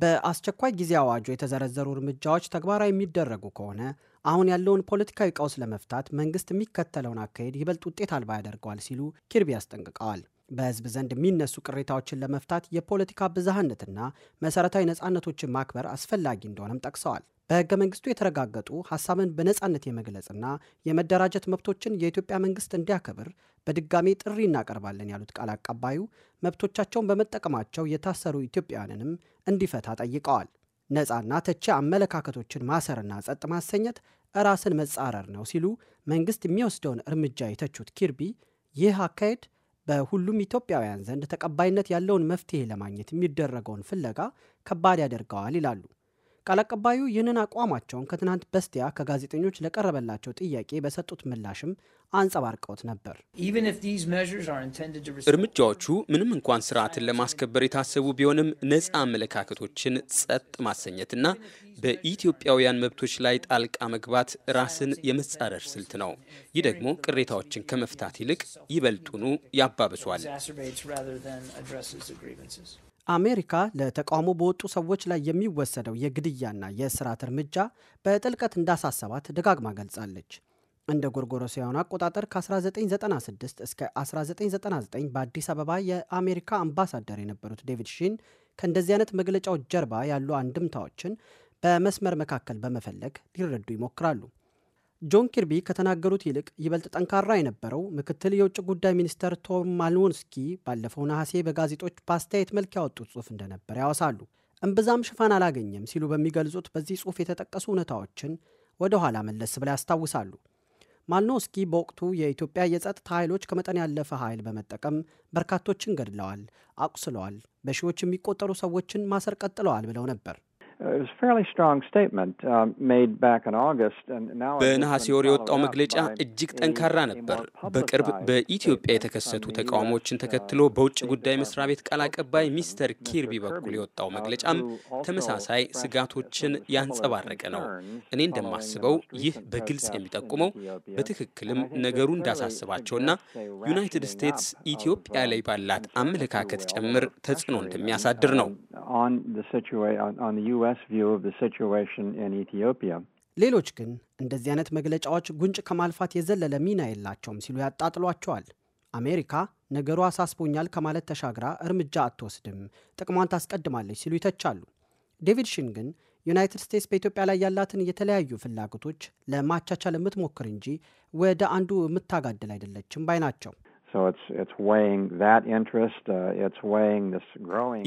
በአስቸኳይ ጊዜ አዋጁ የተዘረዘሩ እርምጃዎች ተግባራዊ የሚደረጉ ከሆነ አሁን ያለውን ፖለቲካዊ ቀውስ ለመፍታት መንግስት የሚከተለውን አካሄድ ይበልጥ ውጤት አልባ ያደርገዋል ሲሉ ኪርቢ አስጠንቅቀዋል። በህዝብ ዘንድ የሚነሱ ቅሬታዎችን ለመፍታት የፖለቲካ ብዝሃነትና መሰረታዊ ነፃነቶችን ማክበር አስፈላጊ እንደሆነም ጠቅሰዋል። በህገ መንግስቱ የተረጋገጡ ሀሳብን በነፃነት የመግለጽና የመደራጀት መብቶችን የኢትዮጵያ መንግስት እንዲያከብር በድጋሚ ጥሪ እናቀርባለን ያሉት ቃል አቀባዩ መብቶቻቸውን በመጠቀማቸው የታሰሩ ኢትዮጵያውያንንም እንዲፈታ ጠይቀዋል። ነፃና ተቼ አመለካከቶችን ማሰርና ጸጥ ማሰኘት ራስን መጻረር ነው ሲሉ መንግስት የሚወስደውን እርምጃ የተቹት ኪርቢ ይህ አካሄድ በሁሉም ኢትዮጵያውያን ዘንድ ተቀባይነት ያለውን መፍትሄ ለማግኘት የሚደረገውን ፍለጋ ከባድ ያደርገዋል ይላሉ። ቃል አቀባዩ ይህንን አቋማቸውን ከትናንት በስቲያ ከጋዜጠኞች ለቀረበላቸው ጥያቄ በሰጡት ምላሽም አንጸባርቀውት ነበር። እርምጃዎቹ ምንም እንኳን ስርዓትን ለማስከበር የታሰቡ ቢሆንም ነፃ አመለካከቶችን ጸጥ ማሰኘትና በኢትዮጵያውያን መብቶች ላይ ጣልቃ መግባት ራስን የመጻረር ስልት ነው። ይህ ደግሞ ቅሬታዎችን ከመፍታት ይልቅ ይበልጡኑ ያባብሷል። አሜሪካ ለተቃውሞ በወጡ ሰዎች ላይ የሚወሰደው የግድያና የእስራት እርምጃ በጥልቀት እንዳሳሰባት ደጋግማ ገልጻለች። እንደ ጎርጎሮሳውያኑ አቆጣጠር ከ1996 እስከ 1999 በአዲስ አበባ የአሜሪካ አምባሳደር የነበሩት ዴቪድ ሺን ከእንደዚህ አይነት መግለጫዎች ጀርባ ያሉ አንድምታዎችን በመስመር መካከል በመፈለግ ሊረዱ ይሞክራሉ። ጆን ኪርቢ ከተናገሩት ይልቅ ይበልጥ ጠንካራ የነበረው ምክትል የውጭ ጉዳይ ሚኒስተር ቶም ማሊንስኪ ባለፈው ነሐሴ በጋዜጦች በአስተያየት መልክ ያወጡት ጽሑፍ እንደነበር ያወሳሉ። እምብዛም ሽፋን አላገኘም ሲሉ በሚገልጹት በዚህ ጽሑፍ የተጠቀሱ እውነታዎችን ወደ ኋላ መለስ ብለው ያስታውሳሉ። ማልኖስኪ በወቅቱ የኢትዮጵያ የጸጥታ ኃይሎች ከመጠን ያለፈ ኃይል በመጠቀም በርካቶችን ገድለዋል፣ አቁስለዋል፣ በሺዎች የሚቆጠሩ ሰዎችን ማሰር ቀጥለዋል ብለው ነበር። Uh, um, በነሐሴ ወር የወጣው መግለጫ እጅግ ጠንካራ ነበር። በቅርብ በኢትዮጵያ የተከሰቱ ተቃውሞዎችን uh, ተከትሎ በውጭ ጉዳይ መስሪያ ቤት ቃል አቀባይ ሚስተር ኪርቢ በኩል um, የወጣው መግለጫም ተመሳሳይ ስጋቶችን ያንጸባረቀ ነው። እኔ እንደማስበው ይህ በግልጽ የሚጠቁመው በትክክልም ነገሩ እንዳሳስባቸውና ዩናይትድ ስቴትስ ኢትዮጵያ ላይ ባላት አመለካከት ጭምር ተጽዕኖ እንደሚያሳድር um, ነው። on the situa- on the US view of the situation in Ethiopia. ሌሎች ግን እንደዚህ አይነት መግለጫዎች ጉንጭ ከማልፋት የዘለለ ሚና የላቸውም ሲሉ ያጣጥሏቸዋል። አሜሪካ ነገሩ አሳስቦኛል ከማለት ተሻግራ እርምጃ አትወስድም፣ ጥቅሟን ታስቀድማለች ሲሉ ይተቻሉ። ዴቪድ ሽን ግን ዩናይትድ ስቴትስ በኢትዮጵያ ላይ ያላትን የተለያዩ ፍላጎቶች ለማቻቻል የምትሞክር እንጂ ወደ አንዱ የምታጋድል አይደለችም ባይ ናቸው። Uh,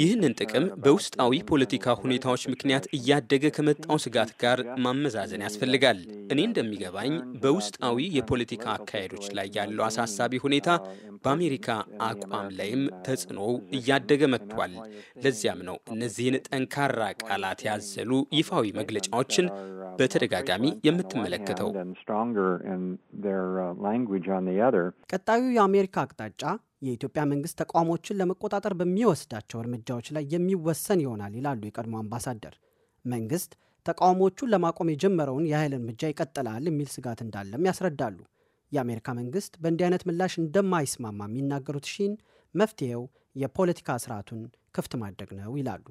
ይህንን ጥቅም በውስጣዊ ፖለቲካ ሁኔታዎች ምክንያት እያደገ ከመጣው ስጋት ጋር ማመዛዘን ያስፈልጋል። እኔ እንደሚገባኝ በውስጣዊ የፖለቲካ አካሄዶች ላይ ያለው አሳሳቢ ሁኔታ በአሜሪካ አቋም ላይም ተጽዕኖው እያደገ መጥቷል። ለዚያም ነው እነዚህን ጠንካራ ቃላት ያዘሉ ይፋዊ መግለጫዎችን በተደጋጋሚ የምትመለከተው። ቀጣዩ የአሜሪካ አቅጣጫ የኢትዮጵያ መንግስት ተቋሞችን ለመቆጣጠር በሚወስዳቸው እርምጃዎች ላይ የሚወሰን ይሆናል ይላሉ የቀድሞ አምባሳደር። መንግስት ተቃውሞቹን ለማቆም የጀመረውን የኃይል እርምጃ ይቀጥላል የሚል ስጋት እንዳለም ያስረዳሉ። የአሜሪካ መንግስት በእንዲህ አይነት ምላሽ እንደማይስማማ የሚናገሩት ሺን መፍትሄው የፖለቲካ ስርዓቱን ክፍት ማድረግ ነው ይላሉ።